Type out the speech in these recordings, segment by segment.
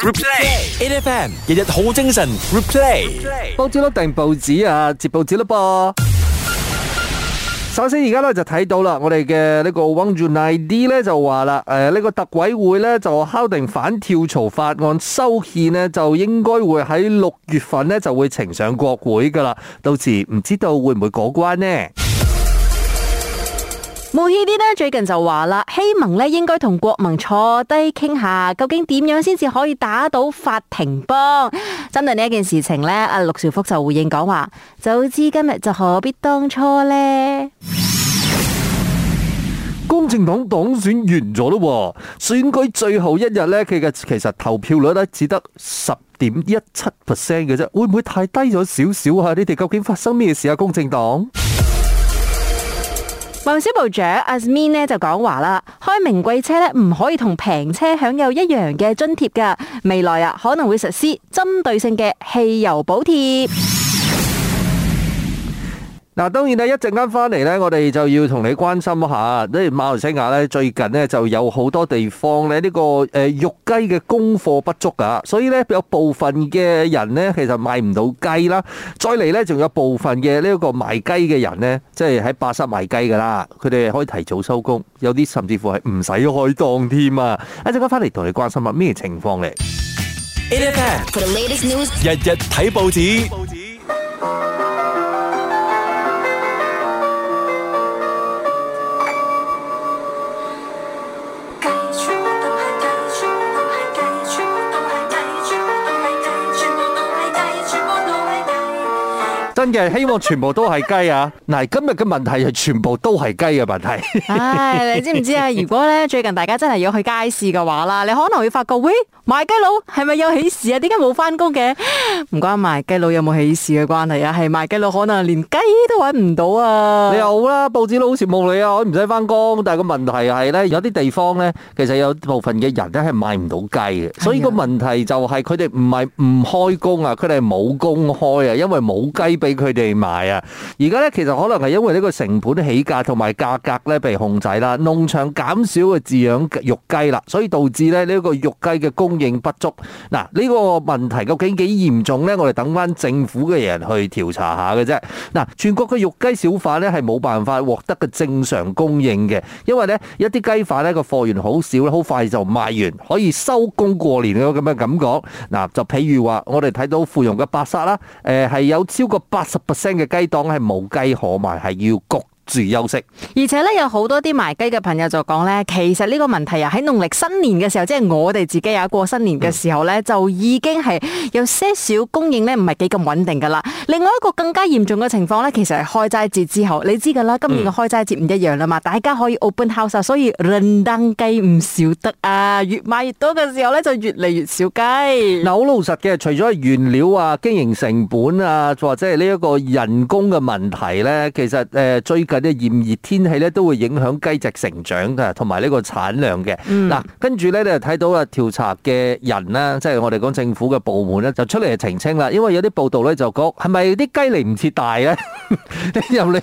Replay, AFM，It 日日好精神。Replay，報紙碌定報紙啊，接報紙咯噃。首先現在呢，而家咧就睇到啦，我哋嘅呢個 One United 咧就話啦，誒、呃，呢、這個特委會咧就敲定反跳槽法案修憲呢，就應該會喺六月份呢，就會呈上國會噶啦，到時唔知道會唔會過關呢？毛希啲呢，最近就話啦，希盟咧應該同國盟坐低傾下，究竟點樣先至可以打倒法庭幫？針對呢一件事情呢，阿陸兆福就回應講話：早知今日就何必當初呢？公正黨黨選完咗咯，選舉最後一日呢，佢嘅其實投票率咧只得十點一七 percent 嘅啫，會唔會太低咗少少啊？你哋究竟發生咩事啊？公正黨？運輸部長阿茲敏呢就講話啦：開名貴車呢唔可以同平車享有一樣嘅津貼噶，未來啊可能會實施針對性嘅汽油補貼。嗱，當然咧，一陣間翻嚟咧，我哋就要同你關心一下，即係馬來西亞咧，最近咧就有好多地方咧呢個誒肉雞嘅供貨不足㗎，所以咧有部分嘅人咧其實買唔到雞啦。再嚟咧，仲有部分嘅呢個賣雞嘅人咧，即係喺巴剎賣雞㗎啦，佢哋可以提早收工，有啲甚至乎係唔使開檔添啊！一陣間翻嚟同你關心下咩情況嚟？日日睇報紙。報紙。真嘅，希望全部都係雞啊！嗱，今日嘅問題係全部都係雞嘅問題。唉，你知唔知啊？如果咧最近大家真係要去街市嘅話啦，你可能會發覺，喂，賣雞佬係咪有喜事啊？點解冇翻工嘅？唔關賣雞佬有冇喜事嘅關係啊，係賣雞佬可能連雞都揾唔到啊！你又好啦，報紙佬好羨慕你啊，我唔使翻工。但係個問題係咧，有啲地方咧，其實有部分嘅人咧係買唔到雞嘅，所以個問題就係佢哋唔係唔開工啊，佢哋係冇工開啊，因為冇雞。俾佢哋賣啊！而家呢其實可能係因為呢個成本起價同埋價格呢被控制啦，農場減少嘅飼養肉雞啦，所以導致呢呢個肉雞嘅供應不足。嗱，呢個問題究竟幾嚴重呢？我哋等翻政府嘅人去調查下嘅啫。嗱，全國嘅肉雞小販呢係冇辦法獲得嘅正常供應嘅，因為呢一啲雞販呢個貨源好少，好快就賣完，可以收工過年嗰個咁嘅感覺。嗱，就譬如話，我哋睇到芙蓉嘅白沙啦，誒係有超過八十 percent 嘅雞檔係冇雞可賣，係要焗。注休息，而且咧有好多啲賣雞嘅朋友就講咧，其實呢個問題啊喺農曆新年嘅時候，即係我哋自己有過新年嘅時候咧，就已經係有些少供應咧，唔係幾咁穩定噶啦。另外一個更加嚴重嘅情況咧，其實係開齋節之後，你知噶啦，今年嘅開齋節唔一樣啦嘛，大家可以 open house，所以輪登雞唔少得啊，越買越多嘅時候咧就越嚟越少雞。嗱，好老實嘅，除咗原料啊、經營成本啊，或者係呢一個人工嘅問題咧，其實誒最近，啲炎熱天氣咧都會影響雞隻成長噶，同埋呢個產量嘅。嗱、嗯，跟住咧，你睇到啊調查嘅人啦，即係我哋講政府嘅部門咧，就出嚟澄清啦。因為有啲報道咧就講係咪啲雞嚟唔切大咧？你 又嚟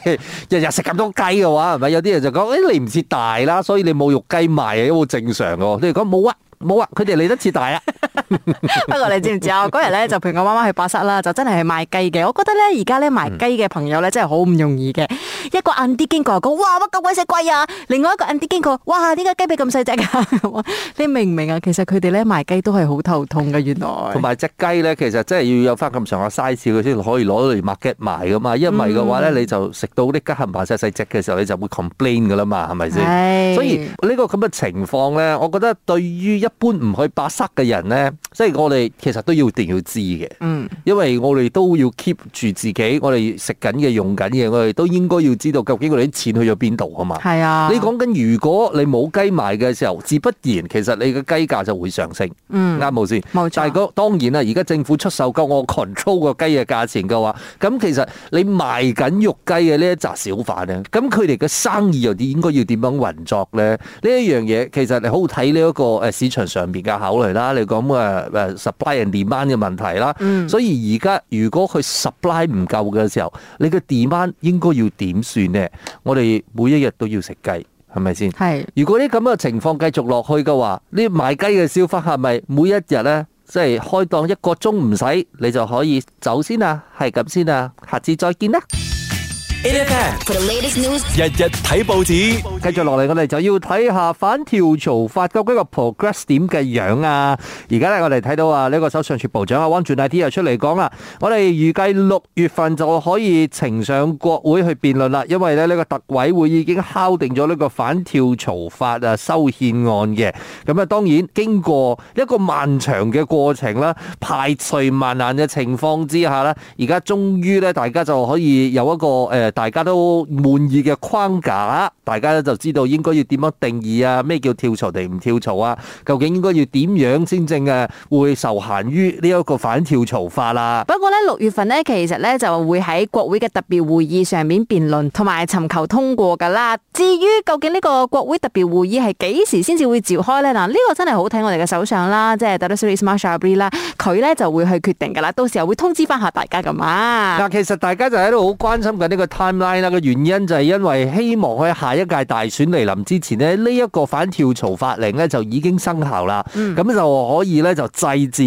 日日食咁多雞嘅話，係咪有啲人就講誒嚟唔切大啦，所以你冇肉雞賣啊，好正常嘅。你哋講冇啊冇啊，佢哋嚟得切大啊。不 過 你知唔知啊？嗰日咧就陪我媽媽去巴剎啦，就真係去賣雞嘅。我覺得咧而家咧賣雞嘅朋友咧真係好唔容易嘅。一個 auntie 經過又講，哇乜咁鬼死貴啊！另外一個 auntie 經過，哇呢個雞髀咁細隻啊！你明唔明啊？其實佢哋咧賣雞都係好頭痛嘅，原來同埋隻雞咧，其實真係要有翻咁上下 size 佢先可以攞嚟 market 賣噶嘛，一唔係嘅話咧、嗯、你就食到啲雞係麻麻細細隻嘅時候，你就會 complain 噶啦嘛，係咪先？係所以個呢個咁嘅情況咧，我覺得對於一般唔去白塞嘅人咧，即係我哋其實都要定要知嘅，嗯、因為我哋都要 keep 住自己，我哋食緊嘅用緊嘅，我哋都應該要。知道究竟佢哋啲錢去咗邊度啊嘛？係啊！你講緊如果你冇雞賣嘅時候，自不然其實你嘅雞價就會上升。嗯嗎，啱冇先。冇錯。但係個當然啦，而家政府出售夠我 control 個雞嘅價錢嘅話，咁其實你賣緊肉雞嘅呢一紮小販咧，咁佢哋嘅生意又點應該要點樣運作咧？呢一樣嘢其實你好睇呢一個市場上面嘅考慮啦，你講 supply and demand 嘅問題啦。嗯。所以而家如果佢 supply 唔夠嘅時候，你嘅 demand 應該要點？點算呢？我哋每一日都要食雞，係咪先？係是。如果啲咁嘅情況繼續落去嘅話，呢賣雞嘅小販係咪每一日呢？即係開檔一個鐘唔使，你就可以走先是這樣先啊？係咁先啊！下次再見啦。日日睇報紙，繼續落嚟，我哋就要睇下反跳槽法究竟個 progress 點嘅樣啊！而家咧，我哋睇到啊，呢個首相署部長啊，溫頓戴蒂又出嚟講啦。我哋預計六月份就可以呈上國會去辯論啦，因為咧呢個特委會已經敲定咗呢個反跳槽法啊修憲案嘅。咁啊，當然經過一個漫長嘅過程啦，排除萬難嘅情況之下咧，而家終於咧，大家就可以有一個誒。大家都滿意嘅框架，大家咧就知道應該要點樣定義啊？咩叫跳槽定唔跳槽啊？究竟應該要點樣先正啊，會受限於呢一個反跳槽法啦。不過呢，六月份呢，其實呢就會喺國會嘅特別會議上面辯論同埋尋求通過噶啦。至於究竟呢個國會特別會議係幾時先至會召開呢？嗱，呢個真係好睇我哋嘅手上啦，即係 Dato' Sri Ismail Sabri 啦，佢呢就會去決定噶啦。到時候會通知翻下大家噶嘛。嗱，其實大家就喺度好關心緊、這、呢個。timeline 啦嘅原因就係因為希望佢下一屆大選嚟臨之前咧，呢、這、一個反跳槽法令咧就已經生效啦。咁、嗯、就可以咧就制止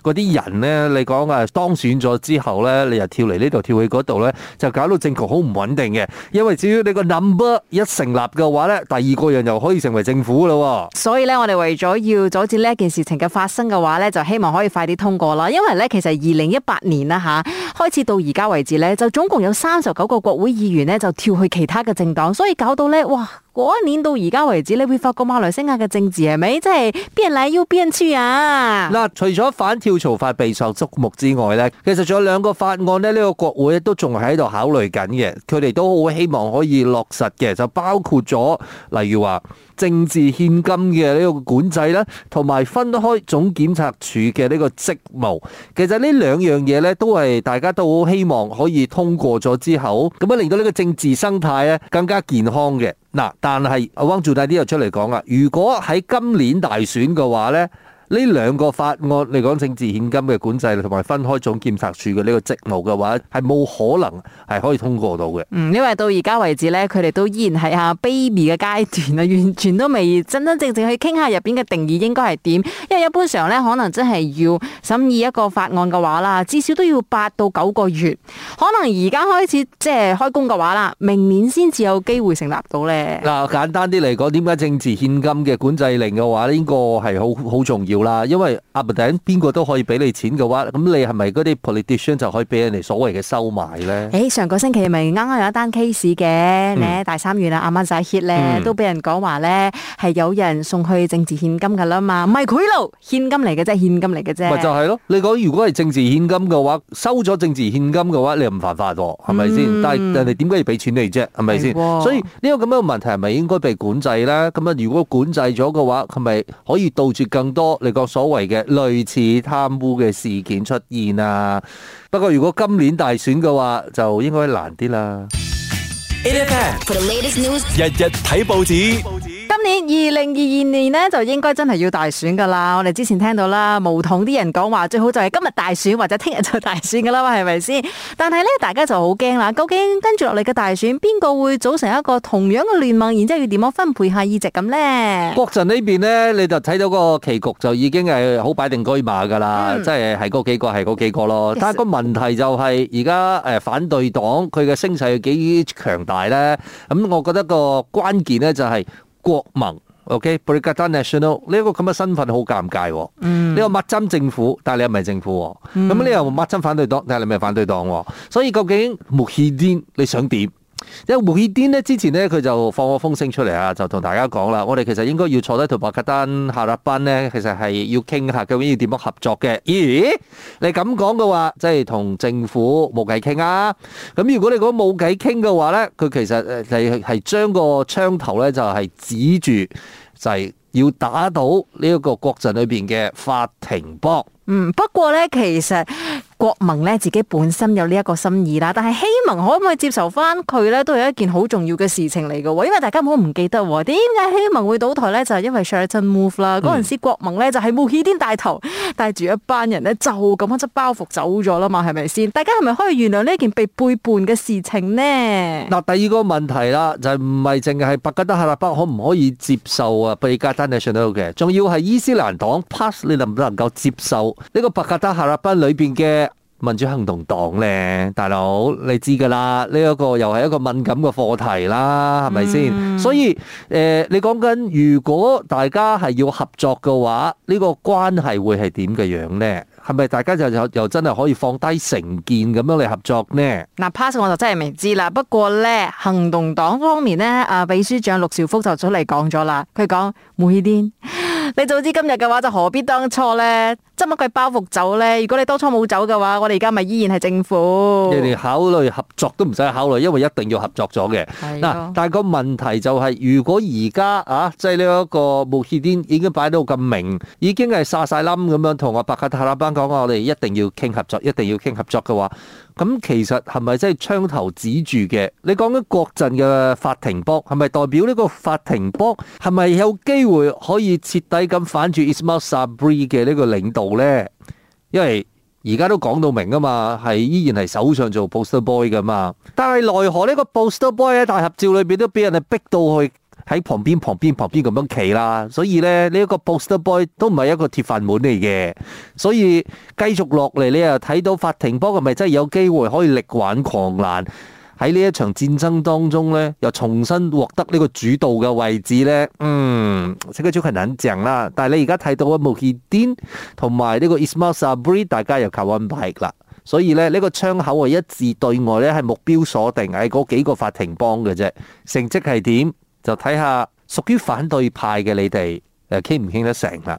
嗰啲人咧，你講啊當選咗之後咧，你又跳嚟呢度跳去嗰度咧，就搞到政局好唔穩定嘅。因為只要你個 number 一成立嘅話咧，第二個人又可以成為政府咯，所以咧，我哋為咗要阻止呢一件事情嘅發生嘅話咧，就希望可以快啲通過啦。因為咧，其實二零一八年啦吓開始到而家為止咧，就總共有三十九個。國會議員呢，就跳去其他嘅政黨，所以搞到呢哇！嗰一年到而家為止，你會發覺馬來西亞嘅政治係咪即係邊人嚟要邊人黐啊？嗱，除咗反跳槽法備受矚目之外呢，其實仲有兩個法案呢。呢個國會都仲喺度考慮緊嘅。佢哋都好希望可以落實嘅，就包括咗例如話政治獻金嘅呢個管制啦，同埋分開總檢察署嘅呢個職務。其實呢兩樣嘢呢，都係大家都好希望可以通過咗之後，咁樣令到呢個政治生態咧更加健康嘅。嗱，但係阿汪做大啲又出嚟講啦！如果喺今年大選嘅話咧，呢兩個法案嚟講，政治獻金嘅管制同埋分開總檢察署嘅呢個職務嘅話，係冇可能係可以通過到嘅。嗯，因為到而家為止呢，佢哋都依然係啊 baby 嘅階段啊，完全都未真真正正，正去傾下入邊嘅定義應該係點。因為一般上呢，可能真係要審議一個法案嘅話啦，至少都要八到九個月。可能而家開始即係開工嘅話啦，明年先至有機會成立到呢。嗱，簡單啲嚟講，點解政治獻金嘅管制令嘅話，呢個係好好重要。啦，因為阿頂邊個都可以俾你錢嘅話，咁你係咪嗰啲 politician 就可以俾人哋所謂嘅收買咧？誒、欸，上個星期咪啱啱有一單 case 嘅咧，嗯、大三元啊，阿媽仔 heat 咧，都俾人講話咧，係有人送去政治獻金㗎啦嘛，唔係賄賂，獻金嚟嘅，即係獻金嚟嘅啫。咪就係咯，你講如果係政治獻金嘅話，收咗政治獻金嘅話，你又唔犯法喎，係咪先？但係人哋點解要俾錢你啫？係咪先？的所以呢、呢個咁樣嘅問題係咪應該被管制咧？咁啊，如果管制咗嘅話，係咪可以杜絕更多？美國所謂嘅類似貪污嘅事件出現啊，不過如果今年大選嘅話，就應該難啲啦。日日睇報紙。今年二零二二年呢，就應該真係要大選噶啦！我哋之前聽到啦，巫統啲人講話最好就係今日大選或者聽日就大選噶啦，係咪先？但係呢，大家就好驚啦！究竟跟住落嚟嘅大選，邊個會組成一個同樣嘅聯盟？然之後要點樣分配下議席咁呢？國陣呢邊呢，你就睇到個棋局就已經係好擺定車馬噶啦，即係係嗰幾個係嗰、就是、幾個咯。但係是個問題就係而家誒，反對黨佢嘅聲勢幾強大呢，咁我覺得個關鍵呢就係、是。國盟 o k、okay? Perikatan Nasional 呢個咁嘅身份好尷尬、哦。嗯、你話抹針政府，但你又唔係政府、哦。喎、嗯。咁你又唔抹針反對黨，但係你咩反對黨、哦？所以究竟穆希丁你想點？因為胡伊丁之前咧佢就放個風聲出嚟啊，就同大家講啦，我哋其實應該要坐低同白卡丹、哈立班呢，其實係要傾下究竟要點樣合作嘅。咦？你咁講嘅話，即係同政府冇計傾啊？咁如果你講冇計傾嘅話呢，佢其實係係將個槍頭呢就係指住就係、係、要打倒呢一個國陣裏邊嘅法庭波。嗯，不過呢，其實。國盟呢自己本身有呢一個心意啦，但係希盟可唔可以接受翻佢呢？都係一件好重要嘅事情嚟嘅喎。因為大家唔好唔記得，點解希盟會倒台呢？就係、是、因為 Sheraton move 啦。嗰陣時國盟呢，就係慕尤丁帶頭，嗯、帶住一班人呢，就咁樣執包袱走咗啦嘛，係咪先？大家係咪可以原諒呢一件被背叛嘅事情呢？嗱，第二個問題啦，就係唔係淨係白格德哈立巴可唔可以接受啊？被加丹尼上到嘅，仲要係伊斯蘭黨 pass 你能唔能夠接受呢個白格德哈立巴裏面嘅？民主行動黨咧，大佬你知噶啦，呢一個又係一個敏感嘅課題啦，係咪先？所以誒，你講緊如果大家係要合作嘅話，呢個關係會係點嘅樣咧？係咪大家就又又真係可以放低成見咁樣嚟合作咧？嗱，pass 我就真係未知啦。不過咧，行動黨方面咧，啊秘書長陸兆福就出嚟講咗啦，佢講每天。你早知今日嘅話，就何必當初呢？執乜鬼包袱走呢？如果你當初冇走嘅話，我哋而家咪依然係政府。你哋考慮合作都唔使考慮，因為一定要合作咗嘅。嗱的、啊，但係個問題就係、是，如果而家啊，即係呢一個慕尤丁已經擺到咁明，已經係晒晒冧咁樣同阿白卡塔拉班講話，我哋一定要傾合作，一定要傾合作嘅話。咁其實係咪真係槍頭指住嘅？你講緊國陣嘅法庭波，係咪代表呢個法庭波？係咪有機會可以徹底咁反住 Ismail Sabri 嘅呢個領導呢？因為而家都講到明啊嘛，係依然係手上做 poster boy 噶嘛，但係奈何呢個 poster boy 喺大合照裏面都俾人哋逼到去。喺旁邊、旁邊、旁邊咁樣企啦，所以咧呢一個 poster boy 都唔係一個鐵飯碗嚟嘅。所以繼續落嚟，你又睇到法庭幫係咪真係有機會可以力挽狂瀾喺呢一場戰爭當中咧，又重新獲得呢個主導嘅位置咧？嗯，這佢招係很正啦，但係你而家睇到阿穆希丁同埋呢個 Ismail Sabri，大家又求安排啦，所以咧呢個窗口係一致對外咧，係目標鎖定喺嗰幾個法庭幫嘅啫。成績係點？就睇下屬於反對派嘅你哋誒傾唔傾得成啦。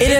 日日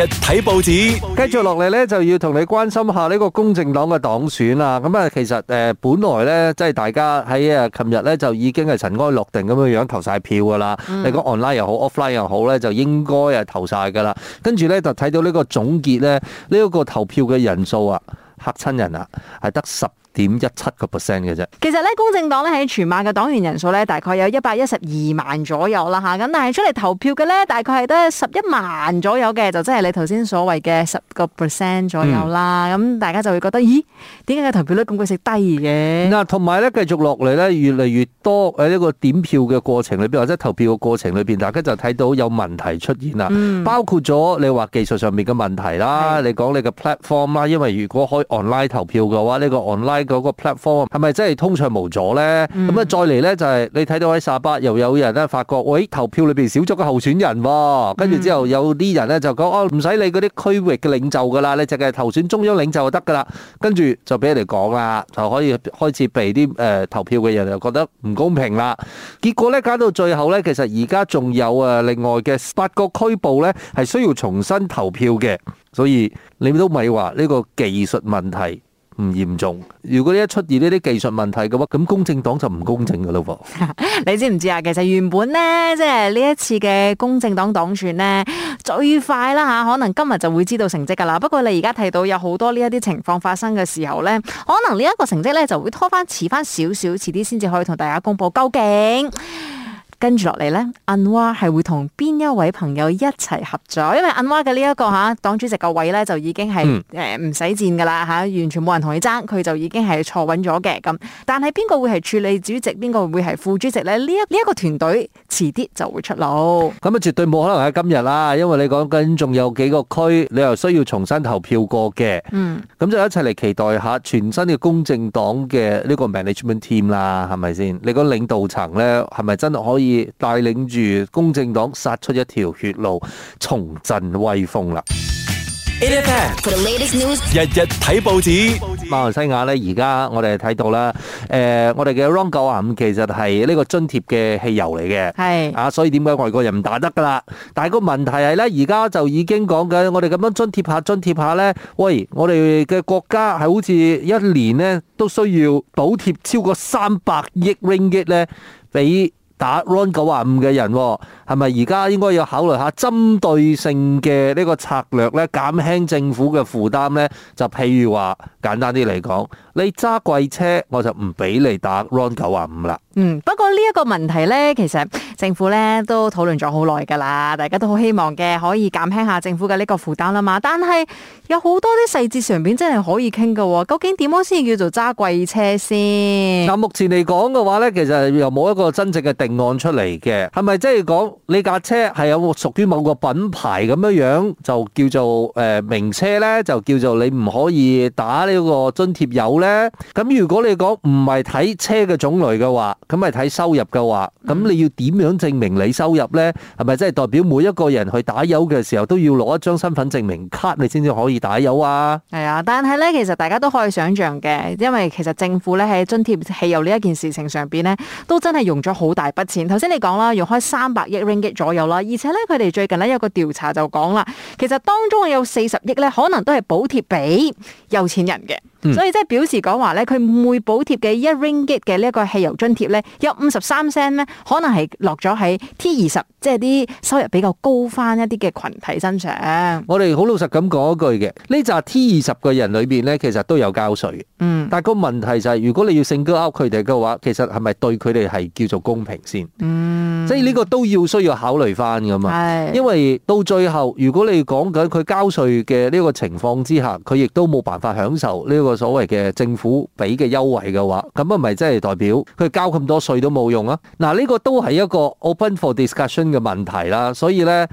睇報紙，繼續落嚟呢就要同你關心下呢個公正黨嘅黨選啦。咁啊，其實誒本來呢，即係大家喺啊琴日呢，就已經係塵埃落定咁嘅樣投晒票噶啦。你講 online 又好，offline 又好呢，就應該誒投晒噶啦。跟住呢，就睇到呢個總結呢，呢、呢、一個投票嘅人數啊嚇親人啊係得十點一七個 percent 嘅啫。其實咧，公正黨咧喺全馬嘅黨員人數咧，大概有一百一十二萬左右啦嚇。咁但係出嚟投票嘅咧，大概係得十一萬左右嘅，就即係你頭先所謂嘅十個 percent 左右啦。咁大家就會覺得，咦？點解個投票率咁鬼死低嘅？嗱，同埋咧，繼續落嚟咧，越嚟越多誒呢個點票嘅過程裏邊，或者投票嘅過程裏邊，大家就睇到有問題出現啦。嗯。包括咗你話技術上面嘅問題啦，你講你嘅 platform 啦，因為如果可以 online 投票嘅話，呢個 online 嗰個 platform 係咪真係通暢無阻呢？咁啊、嗯，再嚟呢、嗯，就係你睇到喺撒巴又有人咧發覺，喂、哎、投票裏面少咗個候選人、哦，跟住之後有啲人咧就講，哦唔使理嗰啲區域嘅領袖噶啦，你淨係投選中央領袖就得噶啦。跟住就俾人講啦，就可以開始被啲誒、呃、投票嘅人就覺得唔公平啦。結果呢，搞到最後呢，其實而家仲有誒另外嘅八個區部呢係需要重新投票嘅，所以你都咪話呢個技術問題。唔嚴重。如果一出現呢啲技術問題嘅話，咁公正黨就唔公正噶啦喎。 你知唔知啊？其實原本呢，即係呢一次嘅公正黨黨選呢，最快啦、啊、嚇，可能今日就會知道成績噶啦。不過你而家睇到有好多呢一啲情況發生嘅時候呢，可能呢一個成績呢，就會拖翻遲翻少少，遲啲先至可以同大家公佈究竟。跟住落嚟呢，安華係會同邊一位朋友一齊合作？因為安華嘅呢一個嚇黨、啊、主席嘅位呢，就已經係唔使戰㗎啦、啊、完全冇人同佢爭，佢就已經係坐穩咗嘅。咁，但係邊個會係處理主席，邊個會係副主席呢？呢一呢一個團隊遲啲就會出爐。咁啊、嗯，絕對冇可能喺今日啦，因為你講緊仲有幾個區，你又需要重新投票過嘅。咁、嗯、就一齊嚟期待下全新嘅公正黨嘅呢個 management team 啦，係咪先？你講領導層呢，係咪真係可以？帶領住公正黨殺出一條血路，重振威風啦！日日睇報紙，馬來西亞咧，而家我哋睇到啦。誒，我哋嘅 Ron 95，其實係呢個津貼嘅汽油嚟嘅，係啊，所以點解外國人唔打得噶啦？但係個問題係咧，而家就已經講緊，我哋咁樣津貼下津貼下咧，喂，我哋嘅國家係好似一年咧都需要補貼超過三百億 Ringgit 咧，俾。打 RON 九啊五嘅人，係咪而家應該要考慮下針對性嘅呢個策略咧，減輕政府嘅負擔咧？就譬如話，簡單啲嚟講。你揸貴車，我就唔俾你打 RON 九啊五啦。嗯，不過呢一個問題呢，其實政府呢都討論咗好耐噶啦，大家都好希望嘅可以減輕下政府嘅呢個負擔啦嘛。但係有好多啲細節上面真係可以傾喎、哦。究竟點樣先叫做揸貴車先？嗱、啊，目前嚟講嘅話呢，其實又冇一個真正嘅定案出嚟嘅，係咪即係講你架車係有屬於某個品牌咁樣樣，就叫做誒名車呢，就叫做你唔可以打呢個津貼油呢咁如果你講唔係睇車嘅種類嘅話，咁係睇收入嘅話，咁你要點樣證明你收入呢？係咪真係代表每一個人去打油嘅時候都要攞一張身份證明卡，你先至可以打油啊？係啊，但係呢，其實大家都可以想象嘅，因為其實政府咧喺津貼汽油呢一件事情上邊呢，都真係用咗好大筆錢。頭先你講啦，用開三百億 ringgit 左右啦，而且呢，佢哋最近呢有一個調查就講啦，其實當中有四十億呢，可能都係補貼俾有錢人嘅。所以即係表示講話咧，佢每補貼嘅一 ringgit 嘅呢一個汽油津貼咧，有五十三 cent 咧，可能係落咗喺 T 二十，即係啲收入比較高翻一啲嘅群體身上。我哋好老實咁講一句嘅，呢紮 T 二十個人裏面咧，其實都有交稅。嗯，但個問題就係，如果你要 single out 佢哋嘅話，其實係咪對佢哋係叫做公平先？嗯，所以呢個都要需要考慮翻㗎嘛。係，因為到最後，如果你講緊佢交稅嘅呢個情況之下，佢亦都冇辦法享受呢個。所謂嘅政府俾嘅優惠嘅話，咁啊咪即係代表佢交咁多稅都冇用啊！嗱、啊，呢、呢個都係一個 open for discussion 嘅問題啦。所以呢，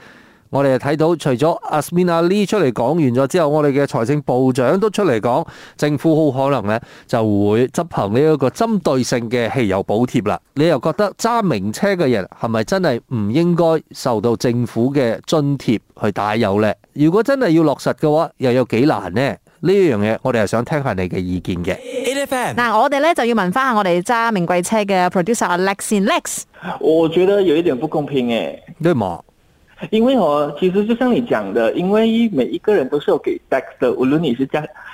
我哋睇到除咗 Azmin Ali 出嚟講完咗之後，我哋嘅財政部長都出嚟講，政府好可能呢就會執行呢一個針對性嘅汽油補貼啦。你又覺得揸名車嘅人係咪真係唔應該受到政府嘅津貼去打油呢？如果真係要落實嘅話，又有幾難呢？呢一樣嘢，我哋係想聽下你嘅意見嘅、嗯。那、嗯、我哋咧就要問翻下我哋揸名貴車嘅 producer Alex Lex。n l e x 我覺得有一點不公平誒。對嗎？因為我其實就像你講的，因為每一個人都係有給 tax 的，無論你是揸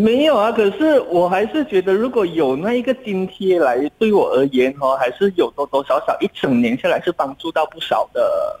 沒有啊，可是我還是覺得，如果有那一個津貼來，對我而言，哦，哈，還是有多多少少一整年下來是幫助到不少的。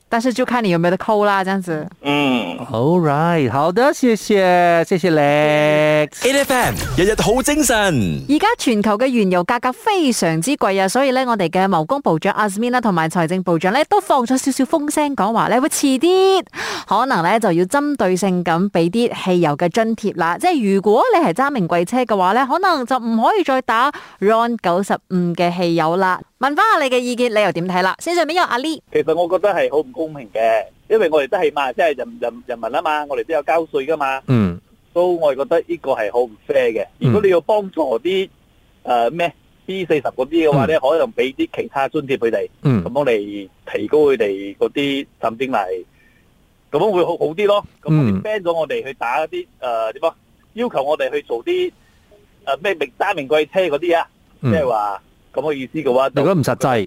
但是就看你有冇得扣啦，這樣子有有。嗯，好，right，好的，謝謝，謝謝 Alex。Elephant 日日好精神。而家全球嘅原油價格非常之貴啊，所以咧，我哋嘅勞工部長 Asmin 同埋財政部長咧，都放咗少少風聲講話咧，會遲啲可能咧就要針對性咁俾啲汽油嘅津貼啦。即係如果你係揸名貴車嘅話咧，可能就唔可，可以再打 RON 九十五嘅汽油啦。問翻下你嘅意見，你又點睇啦？線上邊有阿 Lee，其實我覺得係好唔公平嘅，因為我哋都係嘛，即係人人人民啊嘛，我哋都有交稅噶嘛，嗯，所以我哋覺得呢個係好唔 fair 嘅。如果你要幫助啲誒咩 B 四十嗰啲嘅話咧，可能俾啲其他津貼佢哋，嗯，咁樣嚟，提高佢哋嗰啲競爭力，咁樣會好好啲咯。咁 ban 咗我哋去打啲誒點啊？要求我哋去做啲誒咩名車名貴車嗰啲啊，即係話。咁嘅意思嘅話，如果唔實際，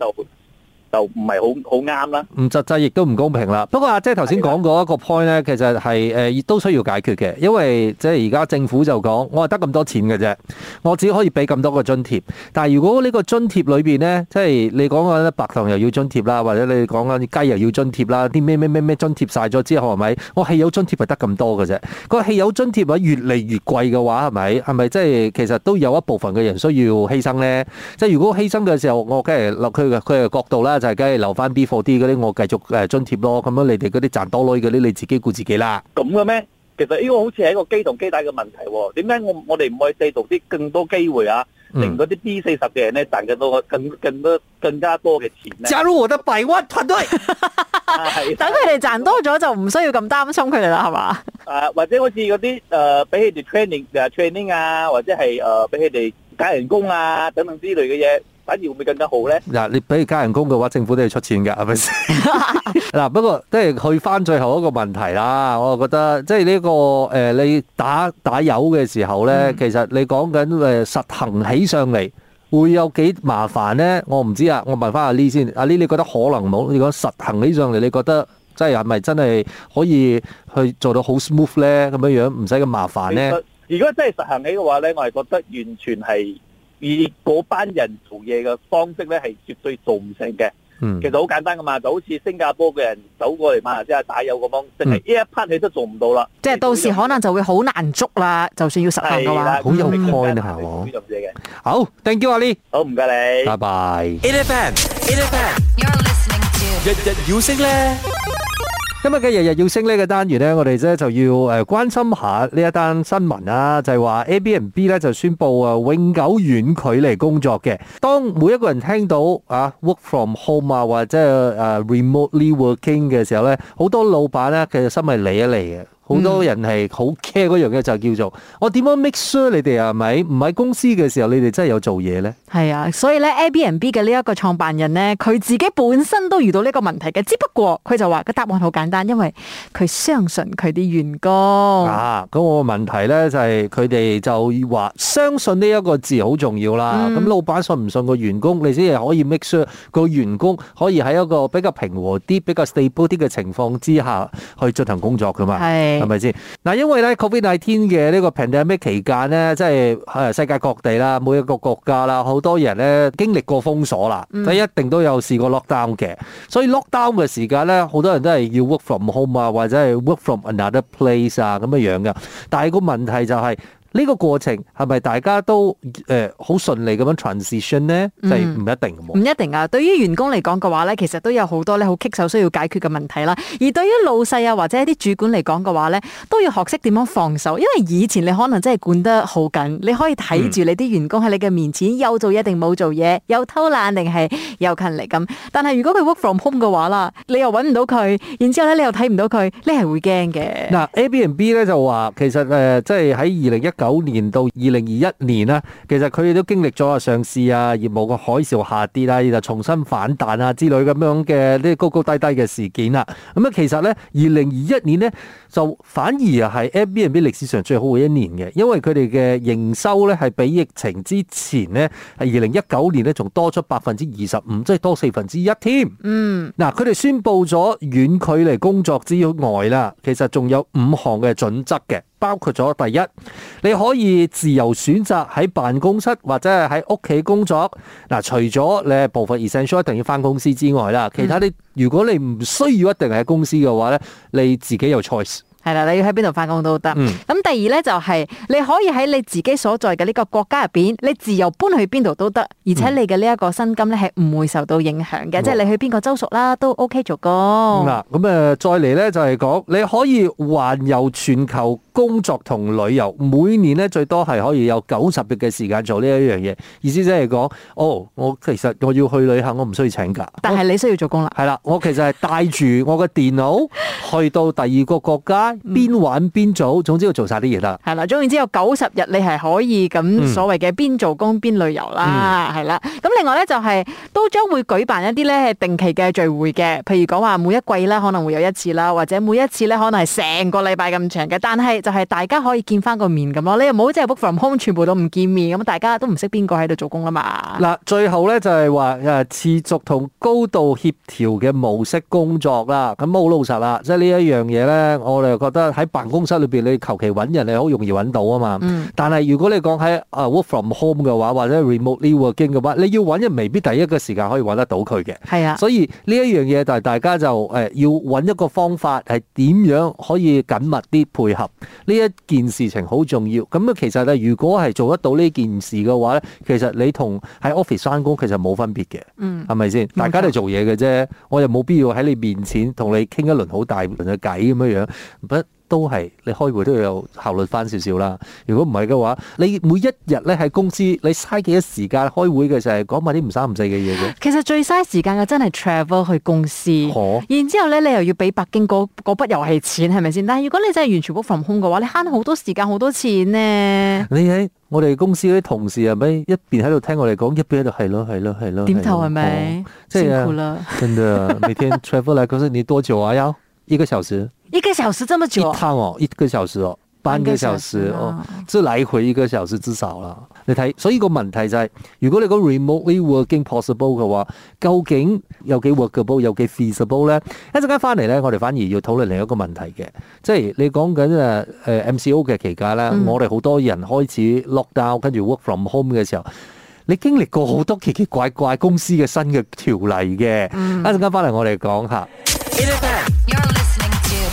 就唔係好好啱啦，唔實際亦都唔公平啦。不過即係頭先講過一個 point 呢，其實係誒都需要解決嘅，因為即係而家政府就講，我係得咁多錢嘅啫，我只可以俾咁多個津貼。但係如果呢個津貼裏邊呢，即係你講緊白糖又要津貼啦，或者你講緊雞又要津貼啦，啲咩咩咩咩津貼晒咗之後係咪？我汽油津貼係得咁多嘅啫，個汽油津貼啊越嚟越貴嘅話係咪？係咪即係其實都有一部分嘅人需要犧牲呢。即係如果犧牲嘅時候，我梗係落佢嘅佢嘅角度咧。就係梗係留翻 B 貨啲嗰啲，我繼續誒津貼咯。咁樣你哋嗰啲賺多攞嗰啲，你自己顧自己啦。咁嘅咩？其實呢個好似係一個機動機底嘅問題喎。點解我我哋唔可以製造啲更多機會啊？令嗰啲 B 四十嘅人咧賺嘅到更更多更加多嘅錢咧？假如我得弊屈團隊，等佢哋賺多咗就唔需要咁擔心佢哋啦，係嘛？誒或者好似嗰啲誒俾佢哋 training 啊 training 啊，或者係誒俾佢哋加人工啊等等之類嘅嘢。反而會唔會更加好咧？嗱，你畀佢加人工嘅話，政府都要出錢嘅，係咪先？嗱，不過即係去翻最後一個問題啦，我就覺得即係呢個誒，你打打油嘅時候咧，其實你講緊誒實行起上嚟會有幾麻煩咧？我唔知啊，我問翻阿 Lee 先。阿 Lee，你覺得可能冇？如果實行起上嚟，你覺得即係係咪真係可以去做到好 smooth 咧？咁樣樣唔使咁麻煩咧？如果真係實行起嘅話咧，我係覺得完全係。而嗰班人做嘢嘅方式咧，係絕對做唔成嘅。嗯，其實好簡單噶嘛，就好似新加坡嘅人走過嚟馬來西亞打油咁樣，真係呢一 part 你都做唔到啦。即係到時可能就會好難捉啦。就算要實行嘅話，好有愛啊，係好。好，thank you 阿麗，好唔該你，拜拜。In the end, In the end, 一日要食咧。今日嘅日日要升呢個單元呢，我哋咧就要誒關心下呢一單新聞啊，就係話 Airbnb 咧就宣布啊永久遠距離工作嘅。當每一個人聽到啊 work from home 啊或者誒 remotely working 嘅時候呢，好多老闆呢，其實心係離一離嘅。好多人係好 care 嗰樣嘢，就叫做我點樣 make sure 你哋係咪唔喺公司嘅時候你哋真係有做嘢呢？」係啊，所以咧 Airbnb 嘅呢一個創辦人呢，佢自己本身都遇到呢個問題嘅，只不過佢就話個答案好簡單，因為佢相信佢啲員工。啊，咁我個問題呢就係佢哋就話相信呢一個字好重要啦。咁、嗯、老闆信唔信個員工，你先可以 make sure 個員工可以喺一個比較平和啲、比較 stable 啲嘅情況之下去進行工作噶嘛？係。係咪先？嗱，因為咧，COVID-19 嘅呢個 pandemic 期間咧，即係世界各地啦，每一個國家啦，好多人咧經歷過封鎖啦，一定都有試過 lockdown 嘅，所以 lockdown 嘅時間咧，好多人都係要 work from home 啊，或者係 work from another place 啊咁嘅樣嘅。但係個問題就係、是。呢個過程係咪大家都誒好、呃、順利咁樣 transition 呢？嗯、就係唔一定喎。唔一定啊！對於員工嚟講嘅話呢，其實都有好多咧好棘手需要解決嘅問題啦。而對於老細啊或者一啲主管嚟講嘅話呢，都要學識點樣放手，因為以前你可能真係管得好緊，你可以睇住你啲員工喺你嘅面前，有做嘢定冇做嘢，有偷懶定係有勤力咁。但係如果佢 work from home 嘅話啦，你又揾唔到佢，然之後咧你又睇唔到佢，你係會驚嘅。嗱，A、呃、B 和 B 咧就話其實誒，即係喺二零一九，就係九年到二零二一年呢，其實佢哋都經歷咗啊上市啊，業務嘅海嘯下跌啦，然後重新反彈啊之類咁樣嘅啲高高低低嘅事件啦。咁啊，其實呢，二零二一年呢，就反而係 Airbnb 歷史上最好嘅一年嘅，因為佢哋嘅營收呢，係比疫情之前呢，係二零一九年呢，仲多出百分之二十五，即係多四分之一添。嗯，嗱，佢哋宣布咗遠距離工作之外啦，其實仲有五項嘅準則嘅。包括咗第一，你可以自由選擇喺辦公室或者喺屋企工作嗱。除咗你部分 essential 一定要翻公司之外啦，嗯、其他啲如果你唔需要一定喺公司嘅話呢，你自己有 choice 係啦。你要喺邊度翻工都得。咁、嗯、第二呢，就係你可以喺你自己所在嘅呢個國家入邊，你自由搬去邊度都得，而且你嘅呢一個薪金呢，係唔會受到影響嘅，即係、嗯、你去邊個州屬啦都 O K 做工。嗱、嗯。咁誒，再嚟呢，就係講你可以環遊全球。工作同旅遊每年咧最多係可以有九十日嘅時間做呢一樣嘢，意思即係講，哦，我其實我要去旅行，我唔需要請假。但係你需要做工啦。係啦，我其實係帶住我嘅電腦去到第二個國家， 邊玩邊做，總之要做晒啲嘢啦。係啦，總然之有九十日，你係可以咁所謂嘅邊做工邊旅遊啦，係啦、嗯。咁、嗯、另外咧就係、係、都將會舉辦一啲咧定期嘅聚會嘅，譬如講話每一季咧可能會有一次啦，或者每一次咧可能係成個禮拜咁長嘅，但係就係大家可以見翻個面咁咯，你又唔好即係 work from home 全部都唔見面咁，大家都唔識邊個喺度做工啊嘛。嗱，最後咧就係話誒持續同高度協調嘅模式工作啦，咁好老實啦，即係呢一樣嘢咧，我哋又覺得喺辦公室裏邊你求其揾人你好容易揾到啊嘛。嗯。但係如果你講喺啊 work from home 嘅話，或者 remote working 嘅話，你要揾人未必第一個時間可以揾得到佢嘅。係啊。所以呢一樣嘢就係大家就誒要揾一個方法係點樣可以緊密啲配合。呢一件事情好重要，咁啊，其實咧，如果係做得到呢件事嘅話咧，其實你同喺 office 翻工其實冇分別嘅，嗯，係咪先？大家都做嘢嘅啫，冇錯，我又冇必要喺你面前同你傾一輪好大輪嘅偈咁樣樣，不。都係你開會都要有效率翻少少啦。如果唔係嘅話，你每一日咧喺公司你嘥幾多時間開會嘅，就係講埋啲唔三唔四嘅嘢嘅。其實最嘥時間嘅真係 travel 去公司。哦、然之後咧，你又要俾北京嗰嗰筆遊戲錢，係咪先？但係如果你真係完全 book 航空嘅話，你慳好多時間好多錢呢。你喺我哋公司嗰啲同事係咪一邊喺度聽我哋講，一邊喺度係咯係咯係咯點頭係咪？哦、辛苦了，啊、真的 每天 travel 咧，講是你多久話要？一個小時，一個小時這麼久一趟哦，一個小時哦，半個小時哦，即係來回一個小時至、哦、少啦。你睇，所以個問題就係、是，如果你個 remotely working possible 嘅話，究竟有幾 workable，有幾 feasible 咧？一陣間翻嚟咧，我哋反而要討論另一個問題嘅，即係你講緊誒誒 MCO 嘅期間咧，嗯、我哋好多人開始 lock down，跟住 work from home 嘅時候，你經歷過好多奇奇怪怪公司嘅新嘅條例嘅，嗯、回來一陣間翻嚟我哋講下。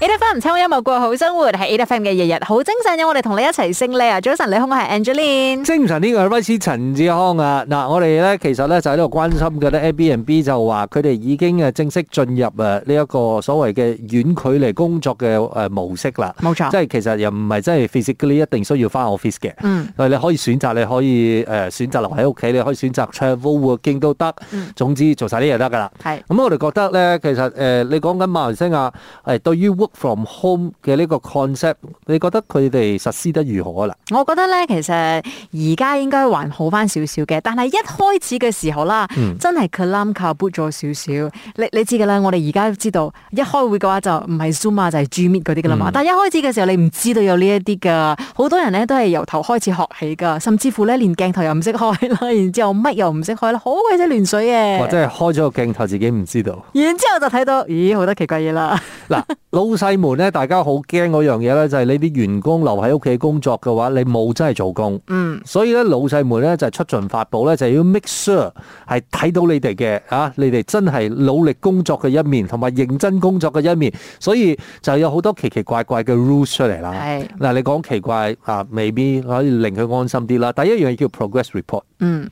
A.F.M. 唔抽音樂過好生活，係 A.F.M. 嘅日日好精神，有我哋同你一齊勝利啊！早晨，你好，我係 Angeline。清晨呢個係威斯陳志康啊！嗱，我哋咧其實咧就喺度關心嘅咧，Airbnb 就話佢哋已經誒正式進入誒呢一個所謂嘅遠距離工作嘅誒模式啦。冇錯錯，即係其實又唔係真係 physically 一定需要返 office 嘅。嗯，所以你可以選擇，你可以誒選擇留喺屋企，你可以選擇 travel working 都得。嗯，總之做晒啲嘢得噶啦。係是。咁、嗯、我哋覺得咧，其實誒、呃、你講緊馬來西亞係對於 From home 嘅呢個 concept，你覺得佢哋實施得如何啦，我覺得咧，其實而家應該還好翻少少嘅，但係一開始嘅時候啦，嗯、真係 c l a m boot 咗少少。你你知噶啦，我哋而家知道一開會嘅話就唔係 Zoom 啊，就係 G Meet 嗰啲噶啦嘛。但係一開始嘅、嗯、時候，你唔知道有呢一啲噶，好多人咧都係由頭開始學起噶，甚至乎咧連鏡頭又唔識開啦，然之後乜又唔識開啦，好鬼死亂水嘅，或者係開咗個鏡頭自己唔知道，然之後就睇到咦好多奇怪嘢啦。嗱，老細們咧，大家好驚嗰樣嘢咧，就係、是、你啲員工留喺屋企工作嘅話，你冇真係做工。嗯，所以咧老細們咧就出盡法寶咧，就要 make sure 係睇到你哋嘅啊，你哋真係努力工作嘅一面，同埋認真工作嘅一面。所以就有好多奇奇怪怪嘅 rules 出嚟啦。係嗱是，你講奇怪啊，未必可以令佢安心啲啦。第一樣嘢叫 progress report。嗯。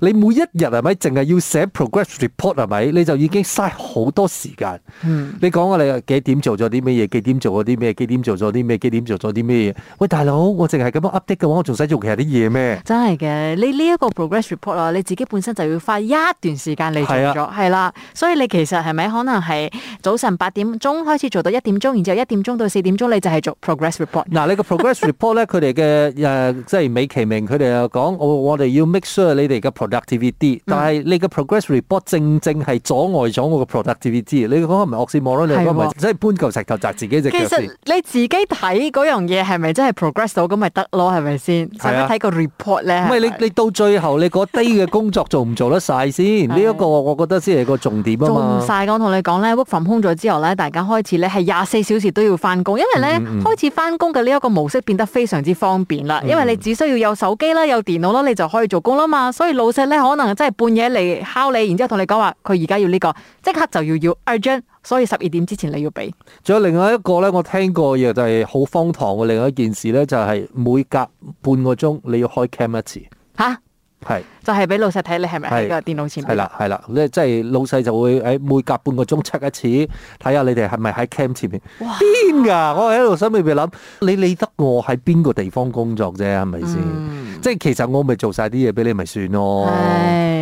你每一日係咪淨係要寫 progress report 係咪？你就已經嘥好多時間。嗯，你講我你幾點做咗啲乜嘢？幾點做咗啲咩？幾點做咗啲咩？幾點做咗啲咩？喂，大佬，我淨係咁樣 update 嘅話，我仲使做其他啲嘢咩？真係嘅，你呢一個 progress report 你自己本身就要花一段時間嚟做咗，係啦的。所以你其實係咪可能係早晨八點鐘開始做到一點鐘，然之後一點鐘到四點鐘，你就係做 progress report。嗱，你個 progress report 咧，佢哋嘅誒，即係美其名，佢哋又講我我哋要 make sure 你。你嘅 productivity 但係你嘅 progress report 正正係阻礙咗我嘅 productivity、嗯。你嗰個唔係惡線磨咯，你嗰個唔係真係搬嚿石頭砸自己隻腳。其實你自己睇嗰樣嘢係咪真係 progress 到咁咪得咯？係咪先？使乜睇個 report 咧？唔係你你到最後你嗰低嘅工作做唔做得晒先？呢一 個我覺得先係個重點啊嘛。做唔晒，我同你講咧，work from home 咗之後咧，大家開始咧係廿四小時都要翻工，因為咧開始翻工嘅呢一個模式變得非常之方便啦，因為你只需要有手機啦、有電腦啦，你就可以做工啦嘛。所以老細咧可能真係半夜嚟，敲你，然之後同你講話，佢而家要呢個，即刻就要要 urgent，所以十二點之前你要俾。仲有另外一個咧，我聽過嘢，就係好荒唐嘅。另外一件事咧，就係每隔半個鐘你要開 cam 一次。嚇、啊！係是，就係、是、俾老細睇你係咪喺個電腦前面？係啦，係啦，即係老細就會喺每隔半個鐘 check 一次，睇下你哋係咪喺 cam 前面。哇！癲噶，我喺度心裏面諗，你理得我喺邊個地方工作啫？係咪先？嗯、即係其實我咪做晒啲嘢俾你咪算咯。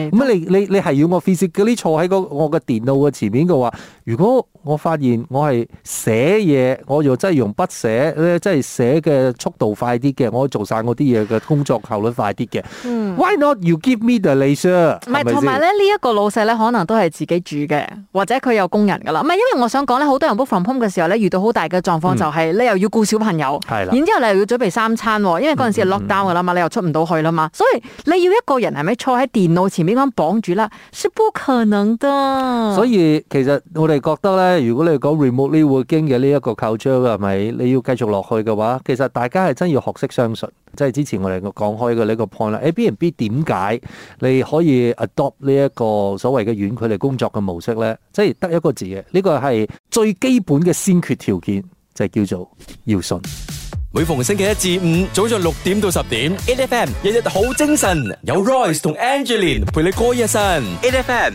咁的你你你係要我 physically 坐喺我嘅電腦嘅前面嘅話，如果我發現我係寫嘢，我又真係用筆寫，即係寫嘅速度快啲嘅，我做晒我啲嘢嘅工作效率快啲嘅。嗯你要 give me the leisure，唔係同埋咧呢一、呢個老細咧，可能都係自己住嘅，或者佢有工人噶啦，唔係因為我想講咧，好多人 book from home 嘅時候咧，遇到好大嘅狀況、就是，就係、嗯、你又要顧小朋友，係啦的，然後之後你又要準備三餐，因為嗰陣時係 lock down 噶啦嘛，嗯嗯、你又出唔到去啦嘛，所以你要一個人係咪坐喺電腦前面咁綁住啦，是不可能的。所以其實我哋覺得咧，如果你講 remote living 嘅呢一個構張係咪你要繼續落去嘅話，其實大家係真要學識相信，即、就、係、是、之前我哋講開嘅呢個 point 啦。誒，B and B 點解你可以 adopt 呢一個所謂嘅遠距離工作嘅模式咧？即係得一個字嘅，呢個係最基本嘅先決條件，就係、是、叫做要信。每逢星期一至五早上六點到十點，A F M，日日好精神，有 Royce 同 Angeline 陪你過一神，A F M。